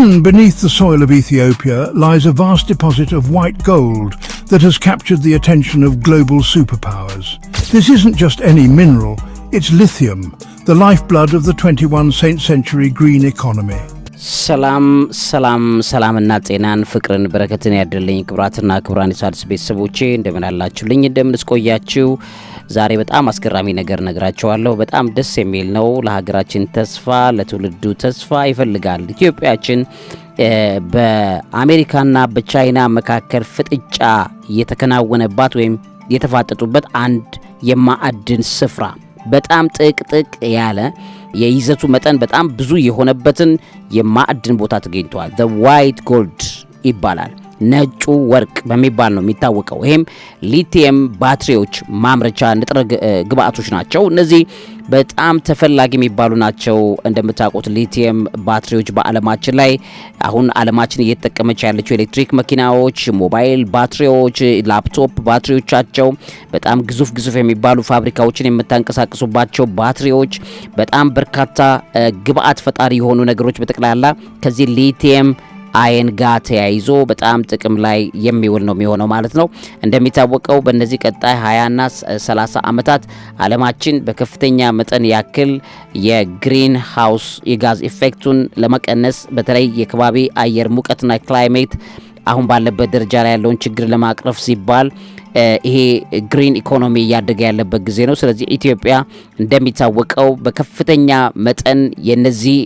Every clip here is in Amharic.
Hidden beneath the soil of Ethiopia lies a vast deposit of white gold that has captured the attention of global superpowers. This isn't just any mineral, it's lithium, the lifeblood of the 21st century green economy. ሰላም ሰላም ሰላምና ጤናን ፍቅርን በረከትን ክብራትና ክብራን የሣድስ ቤተሰቦቼ እንደምን አላችሁልኝ? እንደምን ስቆያችሁ? ዛሬ በጣም አስገራሚ ነገር ነግራቸዋለሁ። በጣም ደስ የሚል ነው። ለሀገራችን ተስፋ፣ ለትውልዱ ተስፋ ይፈልጋል። ኢትዮጵያችን በአሜሪካና በቻይና መካከል ፍጥጫ የተከናወነባት ወይም የተፋጠጡበት አንድ የማዕድን ስፍራ በጣም ጥቅጥቅ ያለ የይዘቱ መጠን በጣም ብዙ የሆነበትን የማዕድን ቦታ ተገኝቷል። ዘ ዋይት ጎልድ ይባላል። ነጩ ወርቅ በሚባል ነው የሚታወቀው። ይህም ሊቲየም ባትሪዎች ማምረቻ ንጥረ ግብአቶች ናቸው። እነዚህ በጣም ተፈላጊ የሚባሉ ናቸው። እንደምታውቁት ሊቲየም ባትሪዎች በዓለማችን ላይ አሁን ዓለማችን እየተጠቀመች ያለችው ኤሌክትሪክ መኪናዎች፣ ሞባይል ባትሪዎች፣ ላፕቶፕ ባትሪዎቻቸው በጣም ግዙፍ ግዙፍ የሚባሉ ፋብሪካዎችን የምታንቀሳቅሱባቸው ባትሪዎች፣ በጣም በርካታ ግብአት ፈጣሪ የሆኑ ነገሮች በጠቅላላ ከዚህ ሊቲየም አይን ጋር ተያይዞ በጣም ጥቅም ላይ የሚውል ነው የሚሆነው ማለት ነው። እንደሚታወቀው በእነዚህ ቀጣይ 20ና 30 ዓመታት አለማችን በከፍተኛ መጠን ያክል የግሪን ሃውስ የጋዝ ኢፌክቱን ለመቀነስ በተለይ የከባቢ አየር ሙቀትና ክላይሜት አሁን ባለበት ደረጃ ላይ ያለውን ችግር ለማቅረፍ ሲባል ይሄ ግሪን ኢኮኖሚ እያደገ ያለበት ጊዜ ነው። ስለዚህ ኢትዮጵያ እንደሚታወቀው በከፍተኛ መጠን የነዚህ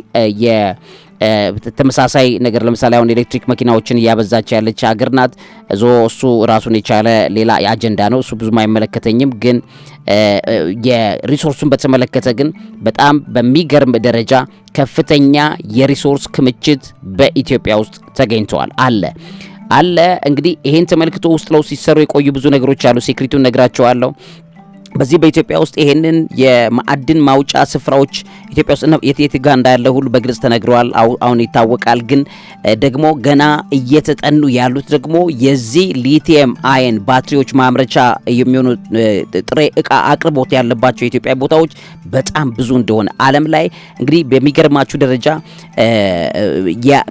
ተመሳሳይ ነገር ለምሳሌ አሁን ኤሌክትሪክ መኪናዎችን እያበዛች ያለች ሀገር ናት። ዞ እሱ ራሱን የቻለ ሌላ አጀንዳ ነው። እሱ ብዙም አይመለከተኝም። ግን የሪሶርሱን በተመለከተ ግን በጣም በሚገርም ደረጃ ከፍተኛ የሪሶርስ ክምችት በኢትዮጵያ ውስጥ ተገኝተዋል አለ አለ እንግዲህ ይሄን ተመልክቶ ውስጥ ለውስጥ ሲሰሩ የቆዩ ብዙ ነገሮች አሉ። ሴክሪቱን ነግራቸዋለሁ። በዚህ በኢትዮጵያ ውስጥ ይሄንን የማዕድን ማውጫ ስፍራዎች ኢትዮጵያ ውስጥ የት ጋር እንዳለ ሁሉ በግልጽ ተነግረዋል፣ አሁን ይታወቃል። ግን ደግሞ ገና እየተጠኑ ያሉት ደግሞ የዚህ ሊቲየም አየን ባትሪዎች ማምረቻ የሚሆኑ ጥሬ እቃ አቅርቦት ያለባቸው የኢትዮጵያ ቦታዎች በጣም ብዙ እንደሆነ ዓለም ላይ እንግዲህ በሚገርማችሁ ደረጃ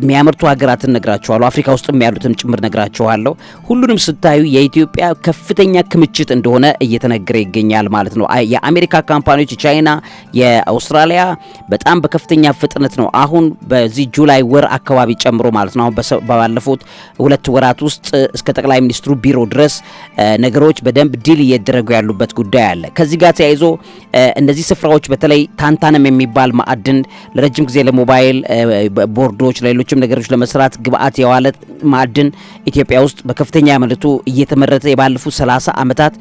የሚያመርቱ ሀገራትን እነግራችኋለሁ። አፍሪካ ውስጥም ያሉትም ጭምር እነግራችኋለሁ። ሁሉንም ስታዩ የኢትዮጵያ ከፍተኛ ክምችት እንደሆነ እየተነገረ ይገኛል። ይገኛል ማለት ነው። የአሜሪካ ካምፓኒዎች፣ የቻይና፣ የአውስትራሊያ በጣም በከፍተኛ ፍጥነት ነው አሁን በዚህ ጁላይ ወር አካባቢ ጨምሮ ማለት ነው። አሁን ባለፉት ሁለት ወራት ውስጥ እስከ ጠቅላይ ሚኒስትሩ ቢሮ ድረስ ነገሮች በደንብ ዲል እየደረጉ ያሉበት ጉዳይ አለ። ከዚህ ጋር ተያይዞ እነዚህ ስፍራዎች በተለይ ታንታንም የሚባል ማዕድን ለረጅም ጊዜ ለሞባይል ቦርዶች፣ ለሌሎችም ነገሮች ለመስራት ግብአት የዋለ ማዕድን ኢትዮጵያ ውስጥ በከፍተኛ መልቱ እየተመረተ የባለፉት 30 ዓመታት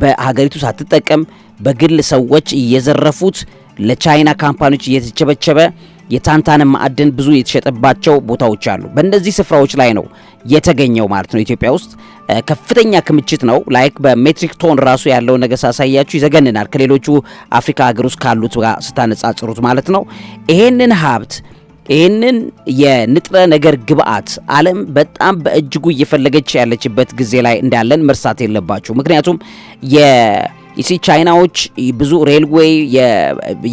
በሀገሪቱ ሳትጠቀም በግል ሰዎች እየዘረፉት ለቻይና ካምፓኒዎች እየተቸበቸበ የታንታን ማዕድን ብዙ የተሸጠባቸው ቦታዎች አሉ። በእነዚህ ስፍራዎች ላይ ነው የተገኘው ማለት ነው። ኢትዮጵያ ውስጥ ከፍተኛ ክምችት ነው። ላይክ በሜትሪክ ቶን ራሱ ያለውን ነገር ሳሳያችሁ ይዘገንናል፣ ከሌሎቹ አፍሪካ ሀገር ውስጥ ካሉት ጋር ስታነጻጽሩት ማለት ነው። ይሄንን ሀብት ይህንን የንጥረ ነገር ግብአት ዓለም በጣም በእጅጉ እየፈለገች ያለችበት ጊዜ ላይ እንዳለን መርሳት የለባችሁ ምክንያቱም ኢሲ ቻይናዎች ብዙ ሬልዌይ፣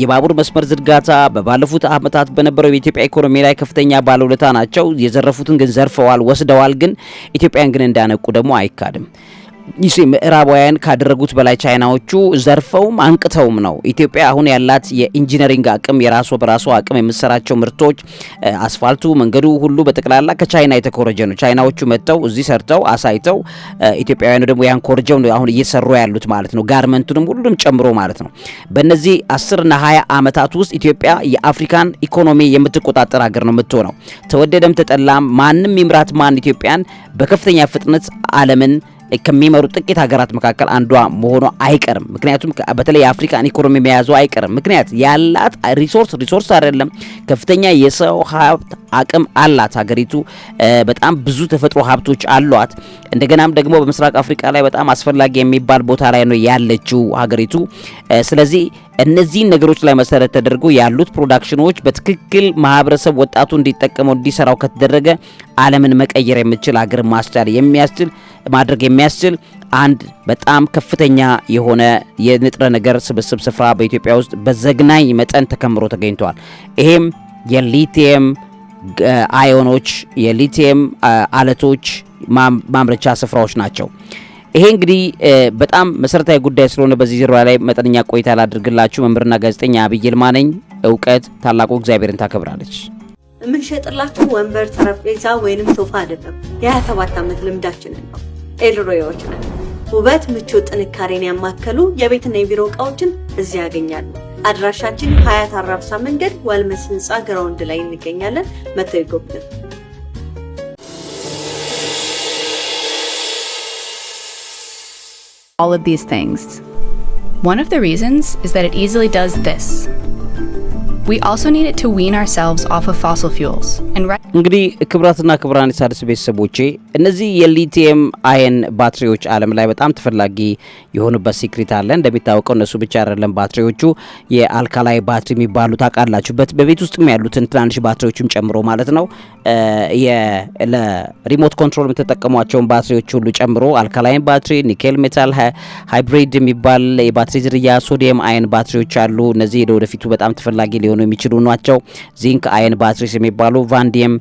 የባቡር መስመር ዝርጋታ በባለፉት አመታት በነበረው የኢትዮጵያ ኢኮኖሚ ላይ ከፍተኛ ባለውለታ ናቸው። የዘረፉትን ግን ዘርፈዋል፣ ወስደዋል። ግን ኢትዮጵያን ግን እንዳነቁ ደግሞ አይካድም። ምዕራባውያን ካደረጉት በላይ ቻይናዎቹ ዘርፈውም አንቅተውም ነው። ኢትዮጵያ አሁን ያላት የኢንጂነሪንግ አቅም የራሷ በራሷ አቅም የምትሰራቸው ምርቶች፣ አስፋልቱ፣ መንገዱ ሁሉ በጠቅላላ ከቻይና የተኮረጀ ነው። ቻይናዎቹ መጥተው እዚህ ሰርተው አሳይተው ኢትዮጵያውያኑ ደግሞ ያን ኮርጀው አሁን እየሰሩ ያሉት ማለት ነው። ጋርመንቱንም ሁሉም ጨምሮ ማለት ነው። በእነዚህ አስርና ሀያ ዓመታት ውስጥ ኢትዮጵያ የአፍሪካን ኢኮኖሚ የምትቆጣጠር ሀገር ነው የምትሆነው። ተወደደም ተጠላም ማንም ይምራት ማን ኢትዮጵያን በከፍተኛ ፍጥነት ዓለምን ከሚመሩ ጥቂት ሀገራት መካከል አንዷ መሆኗ አይቀርም። ምክንያቱም በተለይ የአፍሪካን ኢኮኖሚ መያዙ አይቀርም። ምክንያት ያላት ሪሶርስ ሪሶርስ አይደለም ከፍተኛ የሰው ሀብት አቅም አላት ሀገሪቱ። በጣም ብዙ ተፈጥሮ ሀብቶች አሏት። እንደገናም ደግሞ በምስራቅ አፍሪካ ላይ በጣም አስፈላጊ የሚባል ቦታ ላይ ነው ያለችው ሀገሪቱ። ስለዚህ እነዚህን ነገሮች ላይ መሰረት ተደርጎ ያሉት ፕሮዳክሽኖች በትክክል ማህበረሰብ ወጣቱ እንዲጠቀመው እንዲሰራው ከተደረገ ዓለምን መቀየር የምችል ሀገር ማስቻል የሚያስችል ማድረግ የሚያስችል አንድ በጣም ከፍተኛ የሆነ የንጥረ ነገር ስብስብ ስፍራ በኢትዮጵያ ውስጥ በዘግናኝ መጠን ተከምሮ ተገኝቷል። ይሄም የሊቲየም አዮኖች፣ የሊቲየም አለቶች ማምረቻ ስፍራዎች ናቸው። ይሄ እንግዲህ በጣም መሰረታዊ ጉዳይ ስለሆነ በዚህ ዙሪያ ላይ መጠነኛ ቆይታ ላድርግላችሁ። መምህርና ጋዜጠኛ አብይ ይልማ ነኝ። እውቀት ታላቁ እግዚአብሔርን ታከብራለች። የምንሸጥላችሁ ወንበር፣ ጠረጴዛ ወይንም ሶፋ አይደለም። የ27 ዓመት ልምዳችንን ነው ኤልሮያዎች ነን። ውበት፣ ምቾት፣ ጥንካሬን ያማከሉ የቤትና የቢሮ እቃዎችን እዚህ ያገኛሉ። አድራሻችን ሀያት አራብሳ መንገድ ዋልመስ ህንፃ ግራውንድ ላይ እንገኛለን። መተው ይጎብኙን። All of these things. One of the reasons is that it easily does this. We also need it to wean ourselves off of fossil fuels. እንግዲህ ክብራትና ክብራን የሣድስ ቤተሰቦቼ እነዚህ የሊቲየም አየን ባትሪዎች ዓለም ላይ በጣም ተፈላጊ የሆኑበት ሲክሪት አለ። እንደሚታወቀው እነሱ ብቻ አይደለም ባትሪዎቹ የአልካላይ ባትሪ የሚባሉ ታውቃላችሁበት በቤት ውስጥም ያሉትን ትናንሽ ባትሪዎችም ጨምሮ ማለት ነው። ለሪሞት ኮንትሮል የምትጠቀሟቸውን ባትሪዎች ሁሉ ጨምሮ አልካላይን ባትሪ፣ ኒኬል ሜታል ሃይብሪድ የሚባል የባትሪ ዝርያ፣ ሶዲየም አየን ባትሪዎች አሉ። እነዚህ ወደፊቱ በጣም ተፈላጊ ሊሆኑ የሚችሉ ናቸው። ዚንክ አየን ባትሪስ የሚባሉ ስካንዲየም፣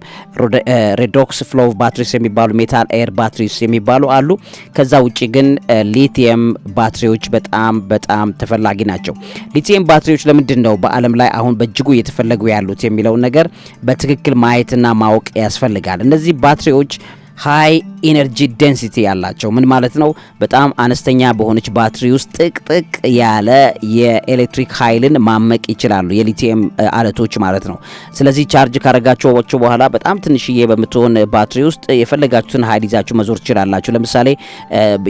ሬዶክስ ፍሎው ባትሪስ የሚባሉ ሜታል ኤር ባትሪስ የሚባሉ አሉ። ከዛ ውጭ ግን ሊቲየም ባትሪዎች በጣም በጣም ተፈላጊ ናቸው። ሊቲየም ባትሪዎች ለምንድን ነው በዓለም ላይ አሁን በእጅጉ እየተፈለጉ ያሉት የሚለውን ነገር በትክክል ማየትና ማወቅ ያስፈልጋል። እነዚህ ባትሪዎች ሃይ ኢነርጂ ዴንሲቲ ያላቸው ምን ማለት ነው? በጣም አነስተኛ በሆነች ባትሪ ውስጥ ጥቅጥቅ ያለ የኤሌክትሪክ ኃይልን ማመቅ ይችላሉ፣ የሊቲየም አለቶች ማለት ነው። ስለዚህ ቻርጅ ካረጋችኋቸው በኋላ በጣም ትንሽዬ በምትሆን ባትሪ ውስጥ የፈለጋችሁትን ኃይል ይዛችሁ መዞር ትችላላችሁ። ለምሳሌ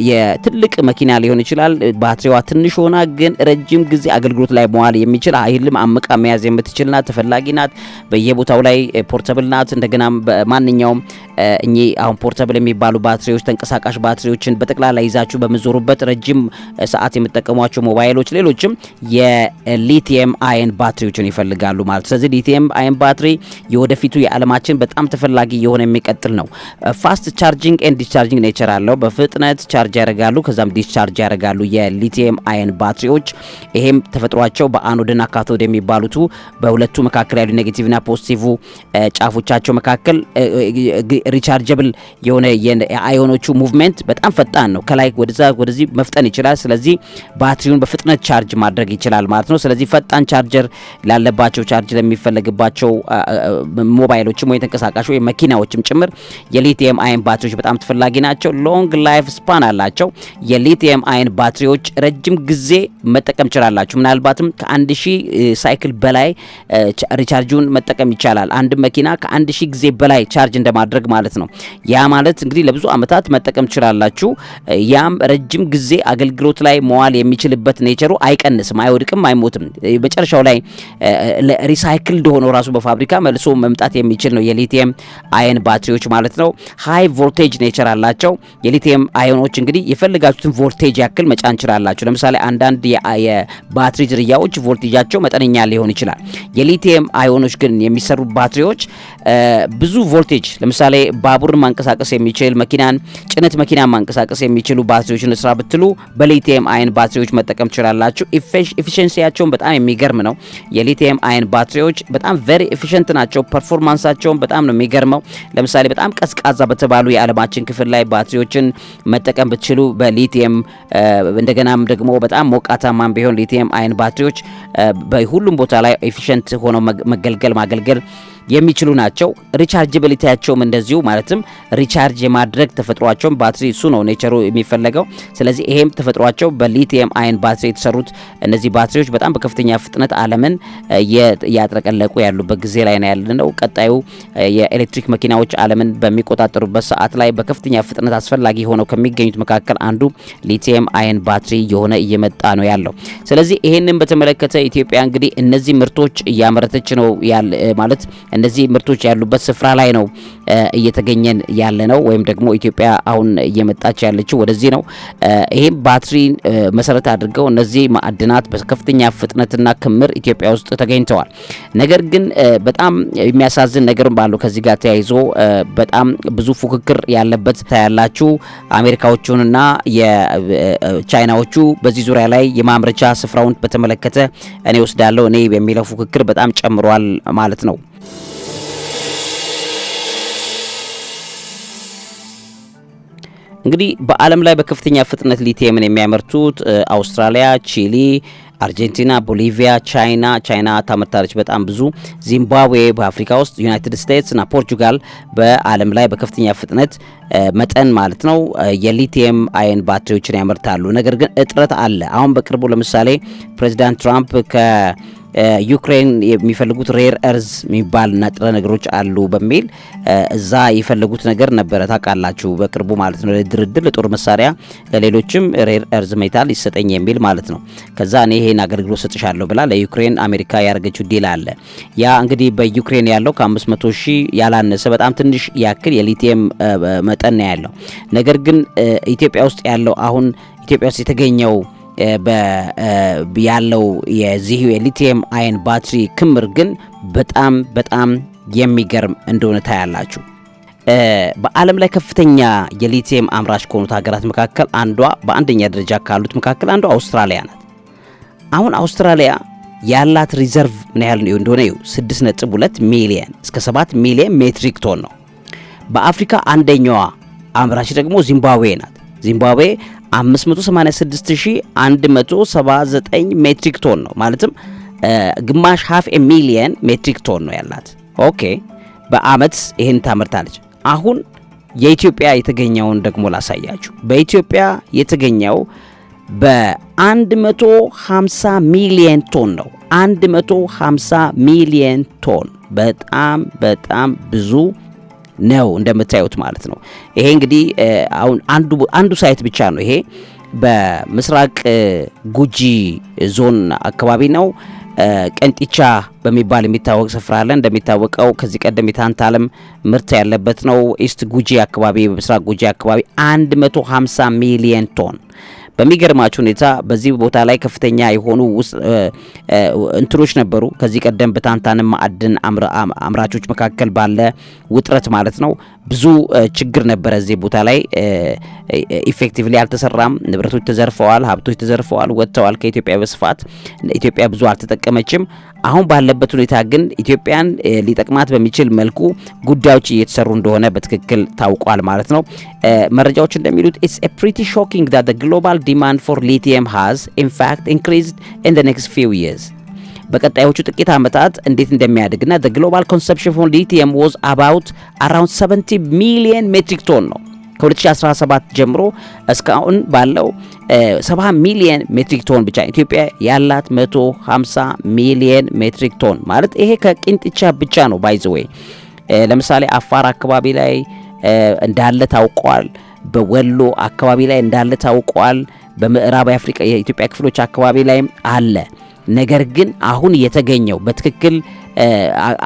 የትልቅ መኪና ሊሆን ይችላል። ባትሪዋ ትንሽ ሆና ግን ረጅም ጊዜ አገልግሎት ላይ መዋል የሚችል ኃይልም አመቃ መያዝ የምትችል ናት። ተፈላጊ ናት። በየቦታው ላይ ፖርተብል ናት። እንደገና ማንኛውም እኚህ አሁን ፖርተብል የሚባሉ ባትሪዎች ተንቀሳቃሽ ባትሪዎችን በጠቅላላ ይዛችሁ በምዞሩበት ረጅም ሰዓት የምጠቀሟቸው ሞባይሎች፣ ሌሎችም የሊቲየም አየን ባትሪዎችን ይፈልጋሉ ማለት። ስለዚህ ሊቲየም አየን ባትሪ የወደፊቱ የዓለማችን በጣም ተፈላጊ የሆነ የሚቀጥል ነው። ፋስት ቻርጂንግ ኤንድ ዲስቻርጂንግ ኔቸር አለው። በፍጥነት ቻርጅ ያደርጋሉ፣ ከዛም ዲስቻርጅ ያደርጋሉ የሊቲየም አየን ባትሪዎች። ይሄም ተፈጥሯቸው በአኖድና ካቶድ የሚባሉቱ በሁለቱ መካከል ያሉ ኔጌቲቭና ፖዚቲቭ ጫፎቻቸው መካከል ሪቻርጀብል የሆነ የአዮኖቹ ሙቭመንት በጣም ፈጣን ነው። ከላይ ወደዛ ወደዚህ መፍጠን ይችላል። ስለዚህ ባትሪውን በፍጥነት ቻርጅ ማድረግ ይችላል ማለት ነው። ስለዚህ ፈጣን ቻርጀር ላለባቸው ቻርጅ ለሚፈለግባቸው ሞባይሎችም ወይ ተንቀሳቃሽ ወይ መኪናዎችም ጭምር የሊቲየም አይን ባትሪዎች በጣም ተፈላጊ ናቸው። ሎንግ ላይፍ ስፓን አላቸው። የሊቲየም አይን ባትሪዎች ረጅም ጊዜ መጠቀም ይችላላችሁ። ምናልባትም ከአንድ ሺህ ሳይክል በላይ ሪቻርጅን መጠቀም ይቻላል። አንድ መኪና ከአንድ ሺህ ጊዜ በላይ ቻርጅ እንደማድረግ ማለት ነው። ያ ማለት እንግዲህ ለብዙ አመታት መጠቀም ትችላላችሁ። ያም ረጅም ጊዜ አገልግሎት ላይ መዋል የሚችልበት ኔቸሩ አይቀንስም፣ አይወድቅም፣ አይሞትም። መጨረሻው ላይ ሪሳይክል እንደሆነ ራሱ በፋብሪካ መልሶ መምጣት የሚችል ነው። የሊቲየም አየን ባትሪዎች ማለት ነው። ሃይ ቮልቴጅ ኔቸር አላቸው። የሊቲየም አየኖች እንግዲህ የፈለጋችሁትን ቮልቴጅ ያክል መጫን ትችላላችሁ። ለምሳሌ አንዳንድ የባትሪ ዝርያዎች ቮልቴጃቸው መጠነኛ ሊሆን ይችላል። የሊቲየም አየኖች ግን የሚሰሩ ባትሪዎች ብዙ ቮልቴጅ ለምሳሌ ባቡርን ማንቀሳቀስ የሚችል መኪናን፣ ጭነት መኪናን ማንቀሳቀስ የሚችሉ ባትሪዎችን ስራ ብትሉ በሊቲየም አይን ባትሪዎች መጠቀም ትችላላችሁ። ኤፊሽንሲያቸውን በጣም የሚገርም ነው። የሊቲየም አይን ባትሪዎች በጣም ቬሪ ኤፊሽንት ናቸው። ፐርፎርማንሳቸውን በጣም ነው የሚገርመው። ለምሳሌ በጣም ቀዝቃዛ በተባሉ የዓለማችን ክፍል ላይ ባትሪዎችን መጠቀም ብትችሉ በሊቲየም እንደገናም ደግሞ በጣም ሞቃታማም ቢሆን ሊቲየም አይን ባትሪዎች በሁሉም ቦታ ላይ ኤፊሽንት ሆነው መገልገል ማገልገል የሚችሉ ናቸው። ሪቻርጅብሊቲያቸውም እንደዚሁ ማለትም ሪቻርጅ የማድረግ ተፈጥሯቸውም ባትሪ እሱ ነው ኔቸሩ የሚፈለገው። ስለዚህ ይሄም ተፈጥሯቸው በሊቲየም አይን ባትሪ የተሰሩት እነዚህ ባትሪዎች በጣም በከፍተኛ ፍጥነት ዓለምን እያጥለቀለቁ ያሉበት ጊዜ ላይ ነው ያለነው። ቀጣዩ የኤሌክትሪክ መኪናዎች ዓለምን በሚቆጣጠሩበት ሰዓት ላይ በከፍተኛ ፍጥነት አስፈላጊ ሆነው ከሚገኙት መካከል አንዱ ሊቲየም አይን ባትሪ የሆነ እየመጣ ነው ያለው። ስለዚህ ይሄንን በተመለከተ ኢትዮጵያ እንግዲህ እነዚህ ምርቶች እያመረተች ነው ያለ ማለት እነዚህ ምርቶች ያሉበት ስፍራ ላይ ነው እየተገኘን ያለ ነው ወይም ደግሞ ኢትዮጵያ አሁን እየመጣች ያለችው ወደዚህ ነው። ይህም ባትሪን መሰረት አድርገው እነዚህ ማዕድናት በከፍተኛ ፍጥነትና ክምር ኢትዮጵያ ውስጥ ተገኝተዋል። ነገር ግን በጣም የሚያሳዝን ነገርም ባለው ከዚህ ጋር ተያይዞ በጣም ብዙ ፉክክር ያለበት ታያላችሁ። አሜሪካዎቹንና የቻይናዎቹ በዚህ ዙሪያ ላይ የማምረቻ ስፍራውን በተመለከተ እኔ ወስዳለሁ እኔ የሚለው ፉክክር በጣም ጨምሯል ማለት ነው። እንግዲህ በዓለም ላይ በከፍተኛ ፍጥነት ሊቲየምን የሚያመርቱት አውስትራሊያ፣ ቺሊ አርጀንቲና፣ ቦሊቪያ፣ ቻይና ቻይና ታመርታለች በጣም ብዙ፣ ዚምባብዌ በአፍሪካ ውስጥ፣ ዩናይትድ ስቴትስ እና ፖርቹጋል በዓለም ላይ በከፍተኛ ፍጥነት መጠን ማለት ነው የሊቲየም አየን ባትሪዎችን ያመርታሉ። ነገር ግን እጥረት አለ። አሁን በቅርቡ ለምሳሌ ፕሬዚዳንት ትራምፕ ከ ዩክሬን የሚፈልጉት ሬር እርዝ የሚባል ንጥረ ነገሮች አሉ በሚል እዛ የፈለጉት ነገር ነበረ። ታውቃላችሁ፣ በቅርቡ ማለት ነው ለድርድር ለጦር መሳሪያ ለሌሎችም ሬር እርዝ ሜታል ይሰጠኝ የሚል ማለት ነው። ከዛ እኔ ይሄን አገልግሎት ሰጥሻለሁ ብላ ለዩክሬን አሜሪካ ያደረገችው ዲል አለ። ያ እንግዲህ በዩክሬን ያለው ከ500 ሺህ ያላነሰ በጣም ትንሽ ያክል የሊቲየም መጠን ያለው። ነገር ግን ኢትዮጵያ ውስጥ ያለው አሁን ኢትዮጵያ ውስጥ የተገኘው ያለው የዚሁ የሊቲየም አየን ባትሪ ክምር ግን በጣም በጣም የሚገርም እንደሆነ ታያላችሁ። በዓለም ላይ ከፍተኛ የሊቲየም አምራች ከሆኑት ሀገራት መካከል አንዷ በአንደኛ ደረጃ ካሉት መካከል አንዷ አውስትራሊያ ናት። አሁን አውስትራሊያ ያላት ሪዘርቭ ምን ያህል እንደሆነ ዩ 6.2 ሚሊየን እስከ 7 ሚሊየን ሜትሪክ ቶን ነው። በአፍሪካ አንደኛዋ አምራች ደግሞ ዚምባብዌ ናት። ዚምባብዌ 586179 ሜትሪክ ቶን ነው ማለትም ግማሽ ሀፍ ኤ ሚሊየን ሜትሪክ ቶን ነው ያላት። ኦኬ በአመት ይህን ታመርታለች። አሁን የኢትዮጵያ የተገኘውን ደግሞ ላሳያችሁ። በኢትዮጵያ የተገኘው በ150 ሚሊየን ቶን ነው። 150 ሚሊየን ቶን በጣም በጣም ብዙ ነው እንደምታዩት ማለት ነው። ይሄ እንግዲህ አሁን አንዱ አንዱ ሳይት ብቻ ነው ይሄ በምስራቅ ጉጂ ዞን አካባቢ ነው። ቀንጢቻ በሚባል የሚታወቅ ስፍራ አለ። እንደሚታወቀው ከዚህ ቀደም የታንታለም ምርት ያለበት ነው። ኢስት ጉጂ አካባቢ፣ በምስራቅ ጉጂ አካባቢ 150 ሚሊየን ቶን በሚገርማችሁ ሁኔታ በዚህ ቦታ ላይ ከፍተኛ የሆኑ እንትኖች ነበሩ። ከዚህ ቀደም በታንታንም ማዕድን አምራቾች መካከል ባለ ውጥረት ማለት ነው ብዙ ችግር ነበረ። እዚህ ቦታ ላይ ኢፌክቲቭሊ አልተሰራም። ንብረቶች ተዘርፈዋል፣ ሀብቶች ተዘርፈዋል፣ ወጥተዋል ከኢትዮጵያ በስፋት ኢትዮጵያ ብዙ አልተጠቀመችም። አሁን ባለበት ሁኔታ ግን ኢትዮጵያን ሊጠቅማት በሚችል መልኩ ጉዳዮች እየተሰሩ እንደሆነ በትክክል ታውቋል ማለት ነው። መረጃዎች እንደሚሉት ኢትስ ኤ ፕሪቲ ሾኪንግ ዛት ግሎባል ዲማንድ ፎር ሊቲየም ሃዝ ኢንፋክት ኢንክሪዝድ ኢን ኔክስት ፊው ይርስ በቀጣዮቹ ጥቂት ዓመታት እንዴት እንደሚያድግና ግሎባል ኮንሰፕሽን ፎር ሊቲየም ዋዝ አባውት አራውንድ 70 ሚሊየን ሜትሪክ ቶን ነው ከ2017 ጀምሮ እስካሁን ባለው 70 ሚሊየን ሜትሪክ ቶን ብቻ ኢትዮጵያ ያላት 150 ሚሊየን ሜትሪክ ቶን ማለት ይሄ ከቅንጥቻ ብቻ ነው። ባይዘወይ ለምሳሌ አፋር አካባቢ ላይ እንዳለ ታውቋል። በወሎ አካባቢ ላይ እንዳለ ታውቋል። በምዕራብ አፍሪካ የኢትዮጵያ ክፍሎች አካባቢ ላይም አለ። ነገር ግን አሁን የተገኘው በትክክል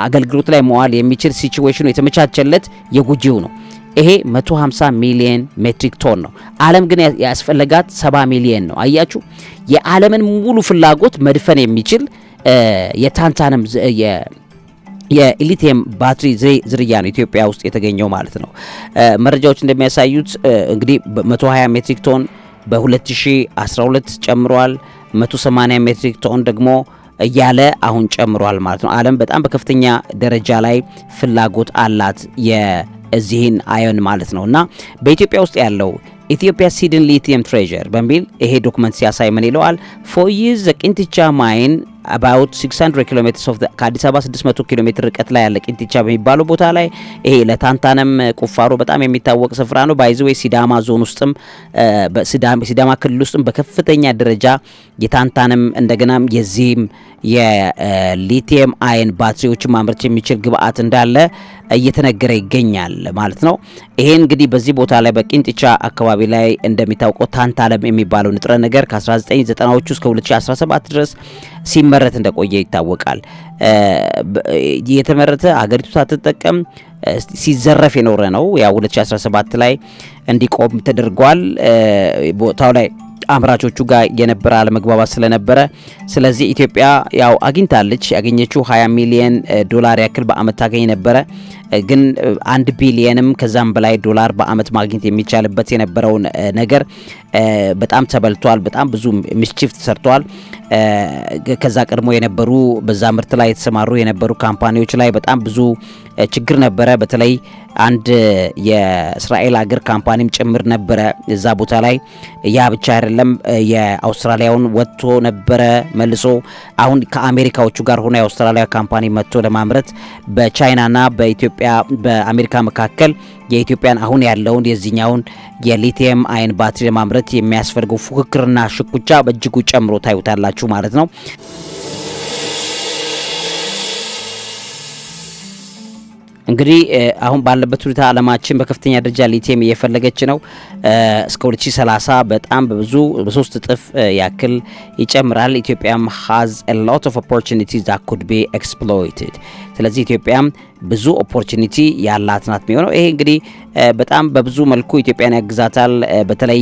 አገልግሎት ላይ መዋል የሚችል ሲቹዌሽኑ የተመቻቸለት የጉጂው ነው። ይሄ 150 ሚሊዮን ሜትሪክ ቶን ነው። ዓለም ግን ያስፈለጋት 70 ሚሊዮን ነው። አያችሁ የዓለምን ሙሉ ፍላጎት መድፈን የሚችል የታንታንም የኢሊቲየም ባትሪ ዝርያ ነው ኢትዮጵያ ውስጥ የተገኘው ማለት ነው። መረጃዎች እንደሚያሳዩት እንግዲህ 120 ሜትሪክ ቶን በ2012 ጨምሯል። 180 ሜትሪክ ቶን ደግሞ እያለ አሁን ጨምሯል ማለት ነው። ዓለም በጣም በከፍተኛ ደረጃ ላይ ፍላጎት አላት። እዚህን አየን ማለት ነው እና በኢትዮጵያ ውስጥ ያለው ኢትዮጵያ ሲድን ሊቲየም ትሬዠር በሚል ይሄ ዶክመንት ሲያሳይ ምን ይለዋል? ፎይዝ ዘቅንቲቻ ማይን አባውት 600 ኪሎ ሜትር ኦፍ ከአዲስ አበባ 600 ኪሎ ሜትር ርቀት ላይ ያለ ቅንቲቻ በሚባለው ቦታ ላይ ይሄ ለታንታነም ቁፋሮ በጣም የሚታወቅ ስፍራ ነው። ወይ ሲዳማ ዞን ውስጥም ሲዳማ ክልል ውስጥም በከፍተኛ ደረጃ የታንታነም እንደገናም የዚህም የሊቲየም አይን ባትሪዎችን ማምረት የሚችል ግብአት እንዳለ እየተነገረ ይገኛል ማለት ነው። ይሄ እንግዲህ በዚህ ቦታ ላይ በቂንጥቻ አካባቢ ላይ እንደሚታወቀው ታንታለም የሚባለው ንጥረ ነገር ከ1990ዎቹ እስከ 2017 ድረስ ሲመረት እንደቆየ ይታወቃል። የተመረተ ሀገሪቱ ሳትጠቀም ሲዘረፍ የኖረ ነው። ያ 2017 ላይ እንዲቆም ተደርጓል ቦታው ላይ አምራቾቹ ጋር የነበረ አለመግባባት ስለነበረ ስለዚህ ኢትዮጵያ ያው አግኝታለች። ያገኘችው 20 ሚሊዮን ዶላር ያክል በአመት ታገኝ ነበረ። ግን አንድ ቢሊየንም ከዛም በላይ ዶላር በአመት ማግኘት የሚቻልበት የነበረውን ነገር በጣም ተበልቷል። በጣም ብዙ ሚስቺፍ ተሰርተዋል። ከዛ ቀድሞ የነበሩ በዛ ምርት ላይ የተሰማሩ የነበሩ ካምፓኒዎች ላይ በጣም ብዙ ችግር ነበረ። በተለይ አንድ የእስራኤል አገር ካምፓኒም ጭምር ነበረ እዛ ቦታ ላይ። ያ ብቻ አይደለም፣ የአውስትራሊያውን ወጥቶ ነበረ መልሶ አሁን ከአሜሪካዎቹ ጋር ሆኖ የአውስትራሊያ ካምፓኒ መጥቶ ለማምረት በቻይናና በኢትዮጵያ በኢትዮጵያ በአሜሪካ መካከል የኢትዮጵያን አሁን ያለውን የዚህኛውን የሊቲየም አይን ባትሪ ለማምረት የሚያስፈልገው ፉክክርና ሽኩቻ በእጅጉ ጨምሮ ታዩታላችሁ ማለት ነው። እንግዲህ አሁን ባለበት ሁኔታ አለማችን በከፍተኛ ደረጃ ሊቲየም እየፈለገች ነው። እስከ 2030 በጣም በብዙ በሶስት እጥፍ ያክል ይጨምራል። ኢትዮጵያም ሀዝ ሎት ኦፍ ኩድ ቢ ኤክስፕሎይትድ። ስለዚህ ኢትዮጵያም ብዙ ኦፖርቹኒቲ ያላት ናት የሚሆነው። ይሄ እንግዲህ በጣም በብዙ መልኩ ኢትዮጵያን ያግዛታል። በተለይ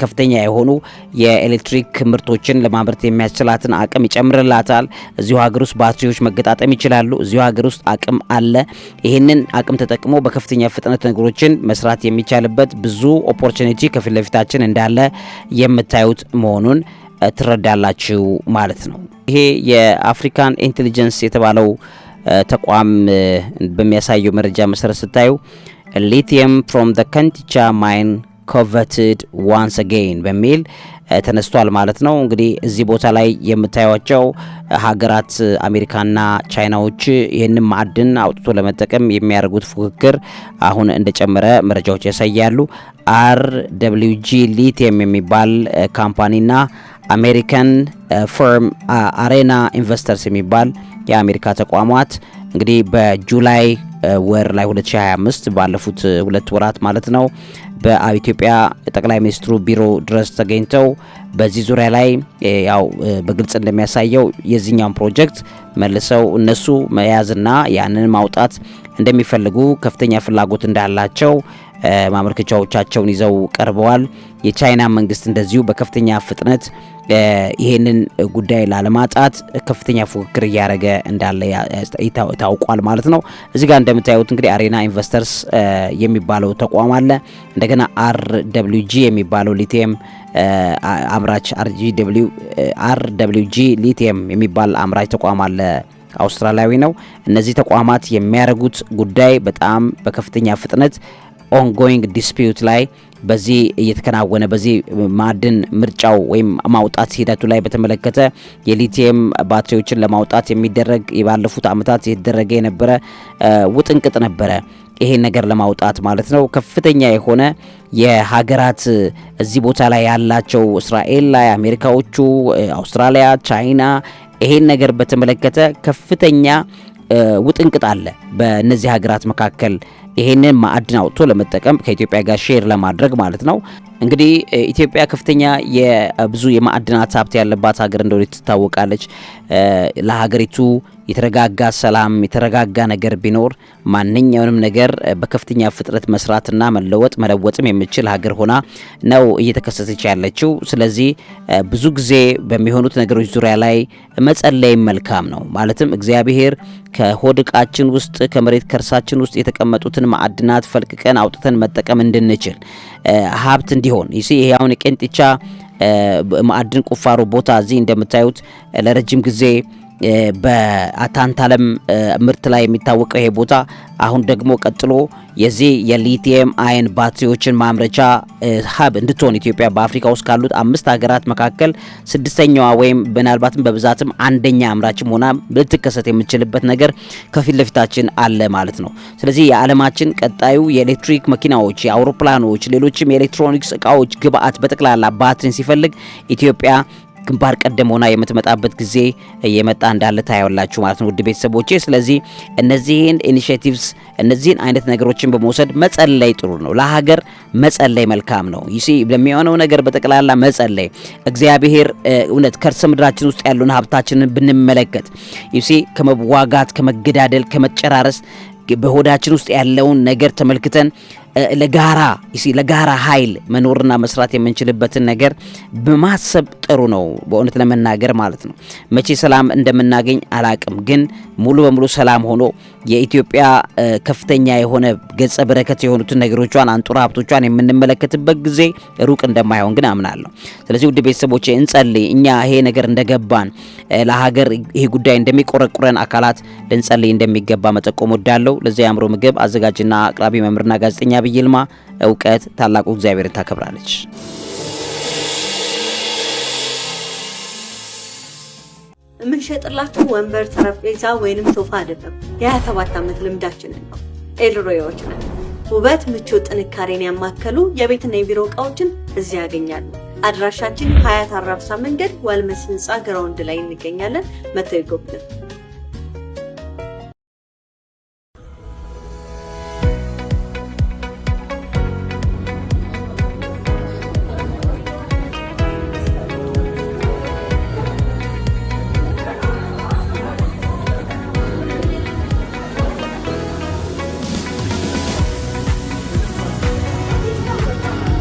ከፍተኛ የሆኑ የኤሌክትሪክ ምርቶችን ለማምረት የሚያስችላትን አቅም ይጨምርላታል። እዚሁ ሀገር ውስጥ ባትሪዎች መገጣጠም ይችላሉ። እዚሁ ሀገር ውስጥ አቅም አለ። ይህንን አቅም ተጠቅሞ በከፍተኛ ፍጥነት ነገሮችን መስራት የሚቻልበት ብዙ ኦፖርቹኒቲ ከፊት ለፊታችን እንዳለ የምታዩት መሆኑን ትረዳላችሁ ማለት ነው። ይሄ የአፍሪካን ኢንቴሊጀንስ የተባለው ተቋም በሚያሳየው መረጃ መሰረት ስታዩ ሊቲየም ፍሮም ዘ ከንቲቻ ማይን ኮቨርትድ ዋንስ አጌን በሚል ተነስቷል ማለት ነው። እንግዲህ እዚህ ቦታ ላይ የምታዩቸው ሀገራት አሜሪካና ቻይናዎች ይህንን ማዕድን አውጥቶ ለመጠቀም የሚያደርጉት ፉክክር አሁን እንደጨመረ መረጃዎች ያሳያሉ። አር ደብሊው ጂ ሊቲየም የሚባል ካምፓኒና አሜሪካን ፈርም አሬና ኢንቨስተርስ የሚባል የአሜሪካ ተቋማት እንግዲህ በጁላይ ወር ላይ 2025 ባለፉት ሁለት ወራት ማለት ነው በኢትዮጵያ ጠቅላይ ሚኒስትሩ ቢሮ ድረስ ተገኝተው በዚህ ዙሪያ ላይ ያው በግልጽ እንደሚያሳየው የዚህኛውን ፕሮጀክት መልሰው እነሱ መያዝና ያንን ማውጣት እንደሚፈልጉ ከፍተኛ ፍላጎት እንዳላቸው ማመልከቻዎቻቸውን ይዘው ቀርበዋል። የቻይና መንግስት እንደዚሁ በከፍተኛ ፍጥነት ይህንን ጉዳይ ላለማጣት ከፍተኛ ፉክክር እያደረገ እንዳለ ታውቋል ማለት ነው። እዚህ ጋር እንደምታዩት እንግዲህ አሬና ኢንቨስተርስ የሚባለው ተቋም አለ። እንደገና አር የሚባለው ሊቲየም አምራች አር ሊቲየም የሚባል አምራች ተቋም አለ። አውስትራሊያዊ ነው። እነዚህ ተቋማት የሚያደርጉት ጉዳይ በጣም በከፍተኛ ፍጥነት ኦንጎይንግ ዲስፒዩት ላይ በዚህ እየተከናወነ በዚህ ማዕድን ምርጫው ወይም ማውጣት ሂደቱ ላይ በተመለከተ የሊቲየም ባትሪዎችን ለማውጣት የሚደረግ ባለፉት ዓመታት የተደረገ የነበረ ውጥንቅጥ ነበረ። ይሄን ነገር ለማውጣት ማለት ነው ከፍተኛ የሆነ የሀገራት እዚህ ቦታ ላይ ያላቸው እስራኤል ላይ፣ አሜሪካዎቹ፣ አውስትራሊያ፣ ቻይና ይሄን ነገር በተመለከተ ከፍተኛ ውጥንቅጥ አለ በእነዚህ ሀገራት መካከል ይሄንን ማዕድን አውጥቶ ለመጠቀም ከኢትዮጵያ ጋር ሼር ለማድረግ ማለት ነው እንግዲህ ኢትዮጵያ ከፍተኛ የብዙ የማዕድናት ሀብት ያለባት ሀገር እንደሆነ ትታወቃለች። ለሀገሪቱ የተረጋጋ ሰላም፣ የተረጋጋ ነገር ቢኖር ማንኛውንም ነገር በከፍተኛ ፍጥነት መስራትና መለወጥ መለወጥም የምችል ሀገር ሆና ነው እየተከሰተች ያለችው። ስለዚህ ብዙ ጊዜ በሚሆኑት ነገሮች ዙሪያ ላይ መጸለይ መልካም ነው። ማለትም እግዚአብሔር ከሆድ እቃችን ውስጥ ከመሬት ከርሳችን ውስጥ የተቀመጡትን ማዕድናት ፈልቅቀን አውጥተን መጠቀም እንድንችል ሀብት እንዲሆን ይሄ አሁን የቄንጥቻ ማዕድን ቁፋሮ ቦታ እዚህ እንደምታዩት ለረጅም ጊዜ በታንታለም ምርት ላይ የሚታወቀው ይሄ ቦታ አሁን ደግሞ ቀጥሎ የዚህ የሊቲየም አይን ባትሪዎችን ማምረቻ ሀብ እንድትሆን ኢትዮጵያ በአፍሪካ ውስጥ ካሉት አምስት ሀገራት መካከል ስድስተኛዋ ወይም ምናልባትም በብዛትም አንደኛ አምራችም ሆና ልትከሰት የምችልበት ነገር ከፊት ለፊታችን አለ ማለት ነው። ስለዚህ የዓለማችን ቀጣዩ የኤሌክትሪክ መኪናዎች፣ የአውሮፕላኖች፣ ሌሎችም የኤሌክትሮኒክስ እቃዎች ግብአት በጠቅላላ ባትሪን ሲፈልግ ኢትዮጵያ ግንባር ቀደም ሆና የምትመጣበት ጊዜ እየመጣ እንዳለ ታያላችሁ ማለት ነው ውድ ቤተሰቦቼ። ስለዚህ እነዚህን ኢኒሽቲቭስ እነዚህን አይነት ነገሮችን በመውሰድ መጸለይ ጥሩ ነው። ለሀገር መጸለይ መልካም ነው። ይ ለሚሆነው ነገር በጠቅላላ መጸለይ እግዚአብሔር እውነት ከርሰ ምድራችን ውስጥ ያለውን ሀብታችንን ብንመለከት ይ ከመዋጋት፣ ከመገዳደል፣ ከመጨራረስ በሆዳችን ውስጥ ያለውን ነገር ተመልክተን ለጋራ ለጋራ ኃይል መኖርና መስራት የምንችልበትን ነገር በማሰብ ጥሩ ነው፣ በእውነት ለመናገር ማለት ነው። መቼ ሰላም እንደምናገኝ አላቅም፣ ግን ሙሉ በሙሉ ሰላም ሆኖ የኢትዮጵያ ከፍተኛ የሆነ ገጸ በረከት የሆኑትን ነገሮቿን አንጡራ ሀብቶቿን የምንመለከትበት ጊዜ ሩቅ እንደማይሆን ግን አምናለሁ። ስለዚህ ውድ ቤተሰቦች እንጸልይ። እኛ ይሄ ነገር እንደገባን ለሀገር ይሄ ጉዳይ እንደሚቆረቁረን አካላት ልንጸልይ እንደሚገባ መጠቆም ወዳለው ለዚያ አእምሮ ምግብ አዘጋጅና አቅራቢ መምህርና ጋዜጠኛ አብይ ይልማ እውቀት ታላቁ እግዚአብሔርን ታከብራለች። የምንሸጥላችሁ ወንበር፣ ጠረጴዛ ወይንም ሶፋ አይደለም። የ27 ዓመት ልምዳችንን ነው። ኤልሮዎች ነን። ውበት፣ ምቾት፣ ጥንካሬን ያማከሉ የቤትና የቢሮ እቃዎችን እዚያ ያገኛሉ። አድራሻችን ሀያት አራብሳ መንገድ ወልመስ ህንፃ ግራውንድ ላይ እንገኛለን። መተው ይጎብኙን።